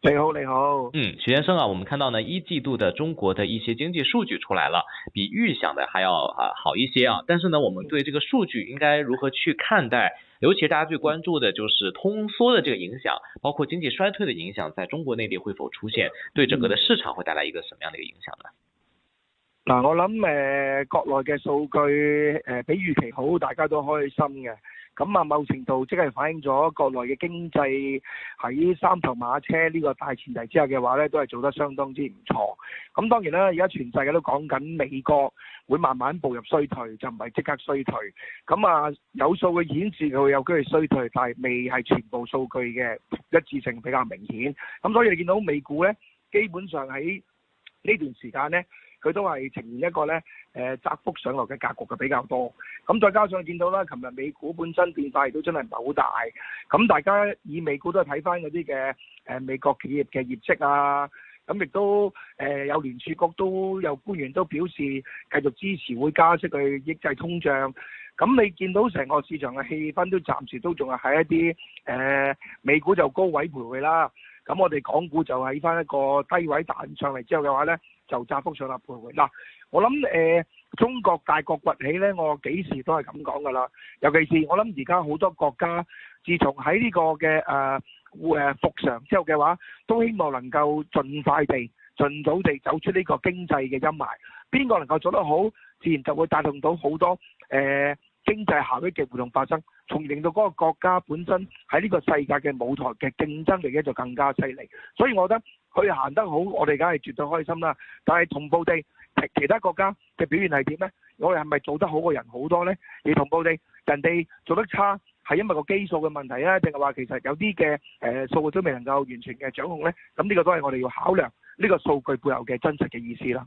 你好，你好。嗯，徐先生啊，我們看到呢一季度的中國的一些經濟數據出來了，比預想的還要啊好一些啊。但是呢，我們對這個數據應該如何去看待？尤其大家最關注的就是通縮的這個影響，包括經濟衰退的影響，在中國內地會否出現？對整個的市場會帶來一個什麼樣的一個影響呢？嗱、嗯，我諗誒、呃，國內嘅數據誒、呃、比預期好，大家都開心嘅。咁啊，某程度即係反映咗國內嘅經濟喺三頭馬車呢個大前提之下嘅話呢，都係做得相當之唔錯。咁當然啦，而家全世界都講緊美國會慢慢步入衰退，就唔係即刻衰退。咁啊，有數據顯示佢有機會衰退，但係未係全部數據嘅一致性比較明顯。咁所以你見到美股呢，基本上喺呢段時間呢，佢都係呈現一個咧，誒、呃、窄幅上落嘅格局嘅比較多，咁再加上見到啦，琴日美股本身變化亦都真係唔係好大，咁大家以美股都係睇翻嗰啲嘅，美國企業嘅業績啊，咁亦都誒、呃、有聯儲局都有官員都表示繼續支持會加息去抑制通脹，咁你見到成個市場嘅氣氛都暫時都仲係喺一啲，誒、呃、美股就高位徘徊啦，咁我哋港股就喺翻一個低位彈上嚟之後嘅話咧。就窄幅上落徘徊嗱，我諗誒、呃、中國大國崛起咧，我幾時都係咁講噶啦。尤其是我諗而家好多國家，自從喺呢、這個嘅誒誒復常之後嘅話，都希望能夠盡快地、儘早地走出呢個經濟嘅陰霾。邊個能夠做得好，自然就會帶動到好多誒、呃、經濟效益嘅活動發生，從而令到嗰個國家本身喺呢個世界嘅舞台嘅競爭力咧就更加犀利。所以，我覺得。佢行得好，我哋梗係絕對開心啦。但係同步地，其其他國家嘅表現係點呢？我哋係咪做得好過人好多呢？而同步地，人哋做得差，係因為個基數嘅問題呢，定係話其實有啲嘅誒數據都未能夠完全嘅掌控呢？咁呢個都係我哋要考量呢個數據背後嘅真實嘅意思啦。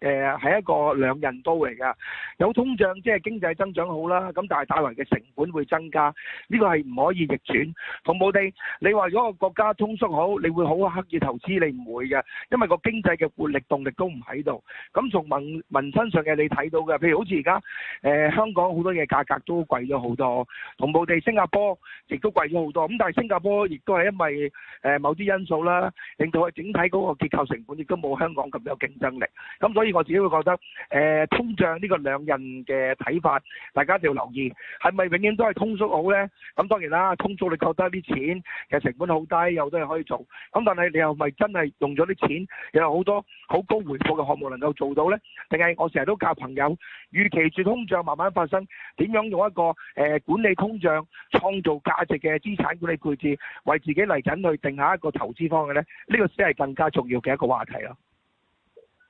誒係一個兩刃刀嚟㗎，有通脹即係經濟增長好啦，咁但係帶來嘅成本會增加，呢個係唔可以逆轉。同步地，你話如果個國家通縮好，你會好刻意投資，你唔會嘅，因為個經濟嘅活力動力都唔喺度。咁從民民生上嘅你睇到嘅，譬如好似而家誒香港好多嘢價格都貴咗好多，同步地新加坡亦都貴咗好多。咁但係新加坡亦都係因為誒某啲因素啦，令到佢整體嗰個結構成本亦都冇香港咁有競爭力。咁所以。我自己會覺得，誒通脹呢個兩刃嘅睇法，大家一定要留意，係咪永遠都係通縮好咧？咁當然啦，通縮你覺得啲錢嘅成本好低，有啲嘢可以做。咁但係你又咪真係用咗啲錢，又有好多好高回報嘅項目能夠做到咧？定係我成日都教朋友預期住通脹慢慢發生，點樣用一個誒管理通脹創造價值嘅資產管理配置，為自己嚟緊去定下一個投資方案咧？呢個先係更加重要嘅一個話題咯。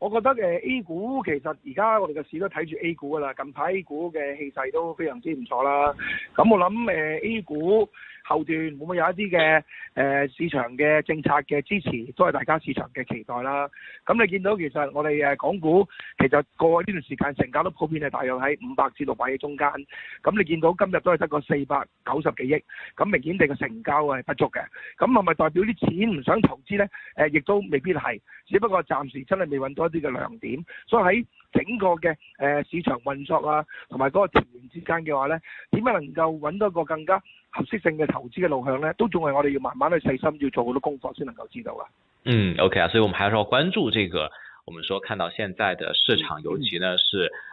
我覺得誒 A 股其實而家我哋嘅市都睇住 A 股噶啦，近排 A 股嘅氣勢都非常之唔錯啦。咁我諗誒 A 股後段會唔會有一啲嘅誒市場嘅政策嘅支持，都係大家市場嘅期待啦。咁你見到其實我哋誒港股其實過去呢段時間成交都普遍係大約喺五百至六百億中間。咁你見到今日都係得個四百九十幾億，咁明顯地個成交係不足嘅。咁係咪代表啲錢唔想投資呢？誒，亦都未必係，只不過暫時真係未揾到。呢、這、嘅、個、亮點，所以喺整個嘅誒、呃、市場運作啊，同埋嗰個調研之間嘅話咧，點解能夠揾到一個更加合適性嘅投資嘅路向咧，都仲係我哋要慢慢去細心要做好多功課先能夠知道噶、啊。嗯，OK 啊，所以我們還是要關注這個，我們說看到現在的市場，尤其呢是。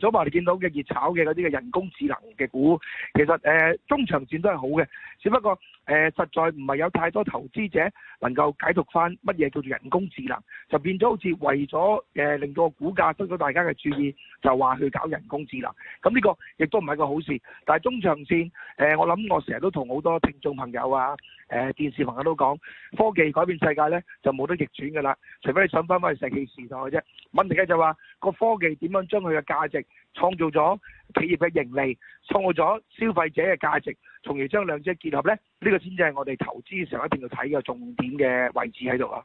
咗嘛？我哋見到嘅熱炒嘅嗰啲嘅人工智能嘅股，其實誒中長線都係好嘅，只不過誒實在唔係有太多投資者能夠解讀翻乜嘢叫做人工智能，就變咗好似為咗誒令到個股價得到大家嘅注意，就話去搞人工智能。咁呢個亦都唔係個好事。但係中長線誒，我諗我成日都同好多聽眾朋友啊、誒電視朋友都講，科技改變世界咧就冇得逆轉㗎啦，除非你想翻返去石器時代啫。問題咧就話個科技點樣將佢嘅價值創造咗企業嘅盈利，創造咗消費者嘅價值，從而將兩者結合呢呢、呢個先至係我哋投資上一段嘅睇嘅重點嘅位置喺度啊！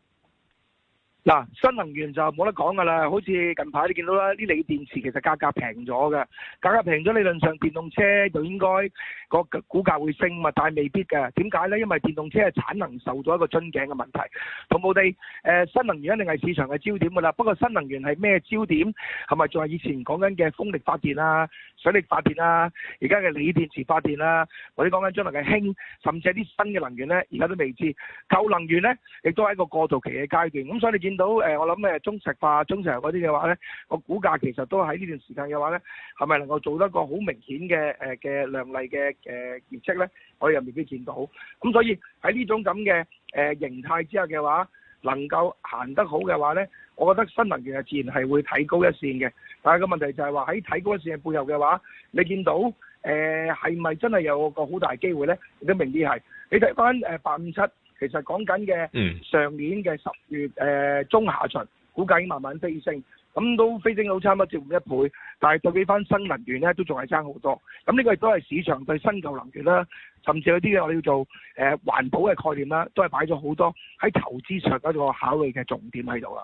嗱，新能源就冇得講㗎啦，好似近排你見到啦，啲鋰電池其實價格平咗嘅，價格平咗，理論上電動車就應該個股價會升嘛，但係未必嘅。點解咧？因為電動車係產能受咗一個樽頸嘅問題。同我哋誒，新能源一定係市場嘅焦點㗎啦。不過新能源係咩焦點？係咪仲係以前講緊嘅風力發電啊、水力發電啊、而家嘅鋰電池發電啊，或者講緊將來嘅氫，甚至係啲新嘅能源咧，而家都未知。舊能源咧，亦都係一個過渡期嘅階段，咁所以你見到誒我諗誒中石化、中石油嗰啲嘅話咧，個股價其實都喺呢段時間嘅話咧，係咪能夠做得個好明顯嘅誒嘅亮麗嘅誒業績咧？我又未必見到。咁所以喺呢種咁嘅誒形態之下嘅話，能夠行得好嘅話咧，我覺得新能源其實自然係會睇高一線嘅。但係個問題就係話喺睇高一線背後嘅話，你見到誒係咪真係有個好大機會咧？你都明啲係。你睇翻誒八五七。其實講緊嘅上年嘅十月誒、呃、中下旬，估計已經慢慢飛升，咁、嗯、都飛升到差唔多接近一倍，但係對比翻新能源咧，都仲係差好多。咁、嗯、呢、呢個亦都係市場對新舊能源啦，甚至有啲嘅我哋叫做誒、呃、環保嘅概念啦，都係擺咗好多喺投資上一個考慮嘅重點喺度啦。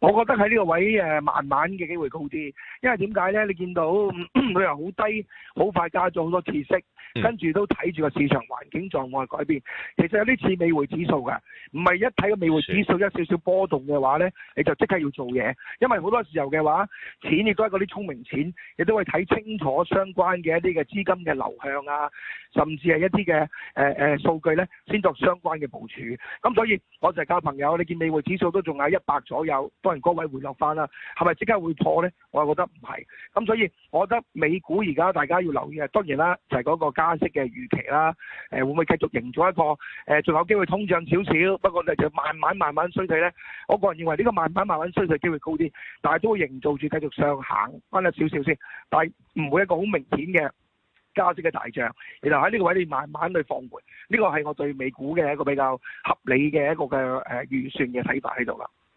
我覺得喺呢個位誒、呃、慢慢嘅機會高啲，因為點解呢？你見到佢又好低，好快加咗好多次息，嗯、跟住都睇住個市場環境狀況改變。其實有啲似美匯指數㗎，唔係一睇個美匯指數一少少波動嘅話呢，你就即刻要做嘢，因為好多時候嘅話，錢亦都係嗰啲聰明錢，亦都會睇清楚相關嘅一啲嘅資金嘅流向啊，甚至係一啲嘅誒誒數據呢，先作相關嘅部署。咁所以我就係教朋友，你見美匯指數都仲有一百左右。可能高位回落翻啦，係咪即刻會破呢？我又覺得唔係，咁所以我覺得美股而家大家要留意嘅，當然啦，就係、是、嗰個加息嘅預期啦。誒，會唔會繼續營造一個誒仲有機會通脹少少？不過咧，就慢慢慢慢衰退呢。我個人認為呢個慢慢慢慢衰退機會高啲，但係都會營造住繼續上行翻得少少先，但係唔會一個好明顯嘅加息嘅大漲。然後，喺呢個位你慢慢去放緩，呢、這個係我對美股嘅一個比較合理嘅一個嘅誒預算嘅睇法喺度啦。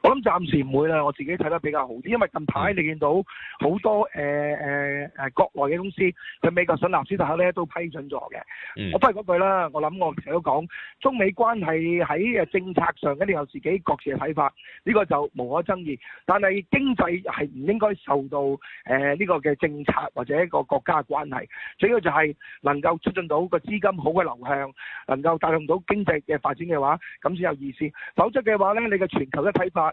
我諗暫時唔會啦，我自己睇得比較好啲，因為近排你見到好多誒誒誒國內嘅公司，去美國上納斯達克咧都批准咗嘅。我翻嚟講句啦，我諗我成日都講，中美關係喺誒政策上一定有自己各自嘅睇法，呢個就無可爭議。但係經濟係唔應該受到誒呢個嘅政策或者一個國家嘅關係，主要就係能夠促進到個資金好嘅流向，能夠帶動到經濟嘅發展嘅話，咁先有意思。否則嘅話咧，你嘅全球嘅睇法，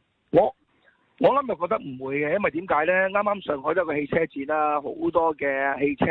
我諗就覺得唔會嘅，因為點解呢？啱啱上海都有個汽車展啦，好多嘅汽車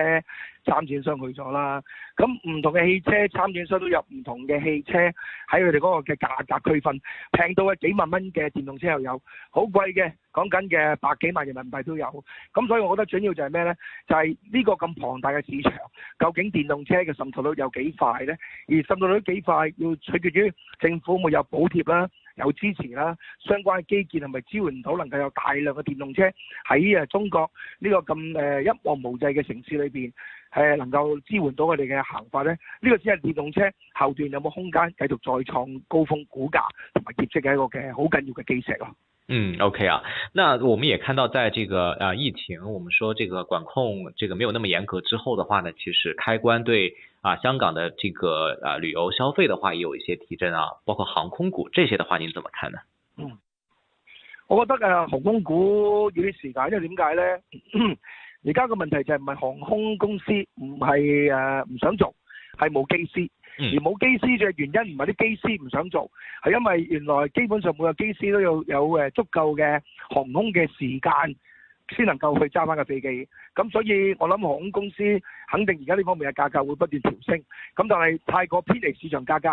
參展商去咗啦。咁唔同嘅汽車參展商都有唔同嘅汽車喺佢哋嗰個嘅價格區分，平到嘅幾萬蚊嘅電動車又有，好貴嘅講緊嘅百幾萬人民幣都有。咁所以我覺得主要就係咩呢？就係呢個咁龐大嘅市場，究竟電動車嘅滲透率有幾快呢？而滲透率幾快，要取決於政府有冇補貼啦。有支持啦、啊，相關嘅基建係咪支，支援到能夠有大量嘅電動車喺啊中國呢個咁誒一望無際嘅城市裏邊誒能夠支援到我哋嘅行法咧？呢、呢個只係電動車後段有冇空間繼續再創高峰股價同埋業績嘅一個嘅好緊要嘅基石咯、啊。嗯，OK 啊，那我們也看到，在這個啊、呃、疫情，我們說這個管控這個沒有那麼嚴格之後的話呢，其實開關對。啊，香港嘅這個啊、呃、旅遊消費的話也有一些提振啊，包括航空股這些的話，您怎麼看呢？嗯，我覺得嘅、呃、航空股有啲時間，因為點解呢？而家個問題就係唔係航空公司唔係誒唔想做，係冇機師、嗯，而冇機師嘅原因唔係啲機師唔想做，係因為原來基本上每個機師都有有足夠嘅航空嘅時間。先能夠去揸翻個飛機，咁所以我諗航空公司肯定而家呢方面嘅價格會不斷調升，咁但係太過偏離市場價格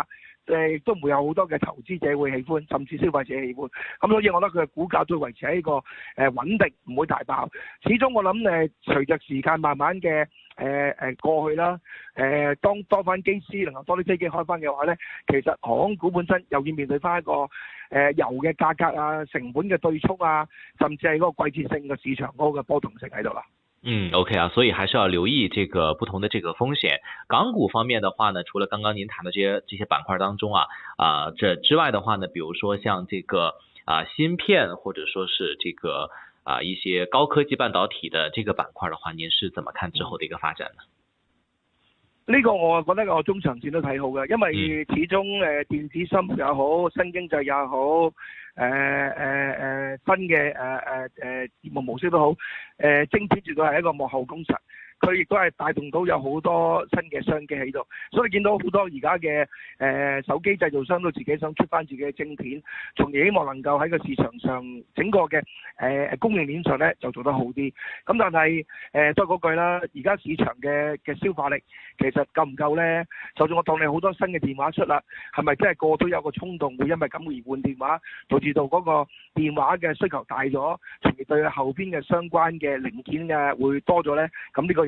誒、呃、都唔會有好多嘅投資者會喜歡，甚至消費者會喜歡，咁所以我覺得佢嘅股價都會維持喺一個誒、呃、穩定，唔會大爆。始終我諗誒、呃，隨著時間慢慢嘅。誒、呃、誒過去啦，誒、呃、當多翻機師，能夠多啲飛機開翻嘅話咧，其實航空股本身又要面對翻一個誒、呃、油嘅價格啊、成本嘅對沖啊，甚至係嗰個季節性嘅市場嗰個波動性喺度啦。嗯，OK 啊，所以還是要留意這個不同的這個風險。港股方面嘅話呢，除了剛剛您談到這些這些板塊當中啊，啊、呃，這之外嘅話呢，比如說像這個啊、呃，芯片或者說是這個。啊，一些高科技半導體的這個板塊的話，您是怎麼看之後的一個發展呢？呢、這個我覺得我中長線都睇好嘅，因為始終誒電子芯片又好，新經濟又好，誒誒誒新嘅誒誒誒業務模式都好，誒、呃，晶片絕對係一個幕後功臣。佢亦都係帶動到有好多新嘅商機喺度，所以見到好多而家嘅誒手機製造商都自己想出翻自己嘅晶片，從而希望能夠喺個市場上整個嘅誒供應鏈上咧就做得好啲。咁但係誒係嗰句啦，而家市場嘅嘅消化力其實夠唔夠咧？就算我當你好多新嘅電話出啦，係咪真係個個都有個衝動會因為咁而換電話，導致到嗰個電話嘅需求大咗，從而對後邊嘅相關嘅零件嘅、啊、會多咗咧？咁呢、呢個。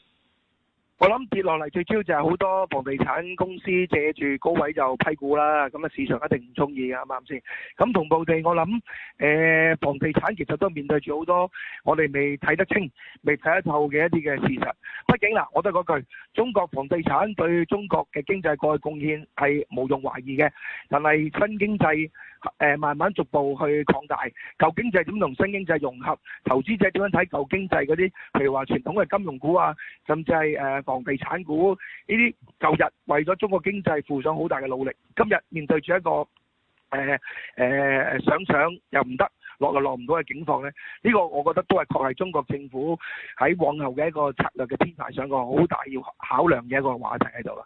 我諗跌落嚟最主要就係好多房地產公司借住高位就批股啦，咁啊市場一定唔中意嘅，啱唔啱先？咁同步地我諗，誒，房地產其實都面對住好多我哋未睇得清、未睇得透嘅一啲嘅事實。畢竟啦，我都係嗰句，中國房地產對中國嘅經濟過去貢獻係毋容懷疑嘅，但係新經濟。誒慢慢逐步去擴大，舊經濟點同新經濟融合？投資者點樣睇舊經濟嗰啲？譬如話傳統嘅金融股啊，甚至係誒房地產股呢啲，舊日為咗中國經濟付上好大嘅努力，今日面對住一個誒誒、呃呃、想想又唔得，落又落唔到嘅境況咧，呢、呢個我覺得都係確係中國政府喺往後嘅一個策略嘅編排上個好大要考量嘅一個話題喺度啦。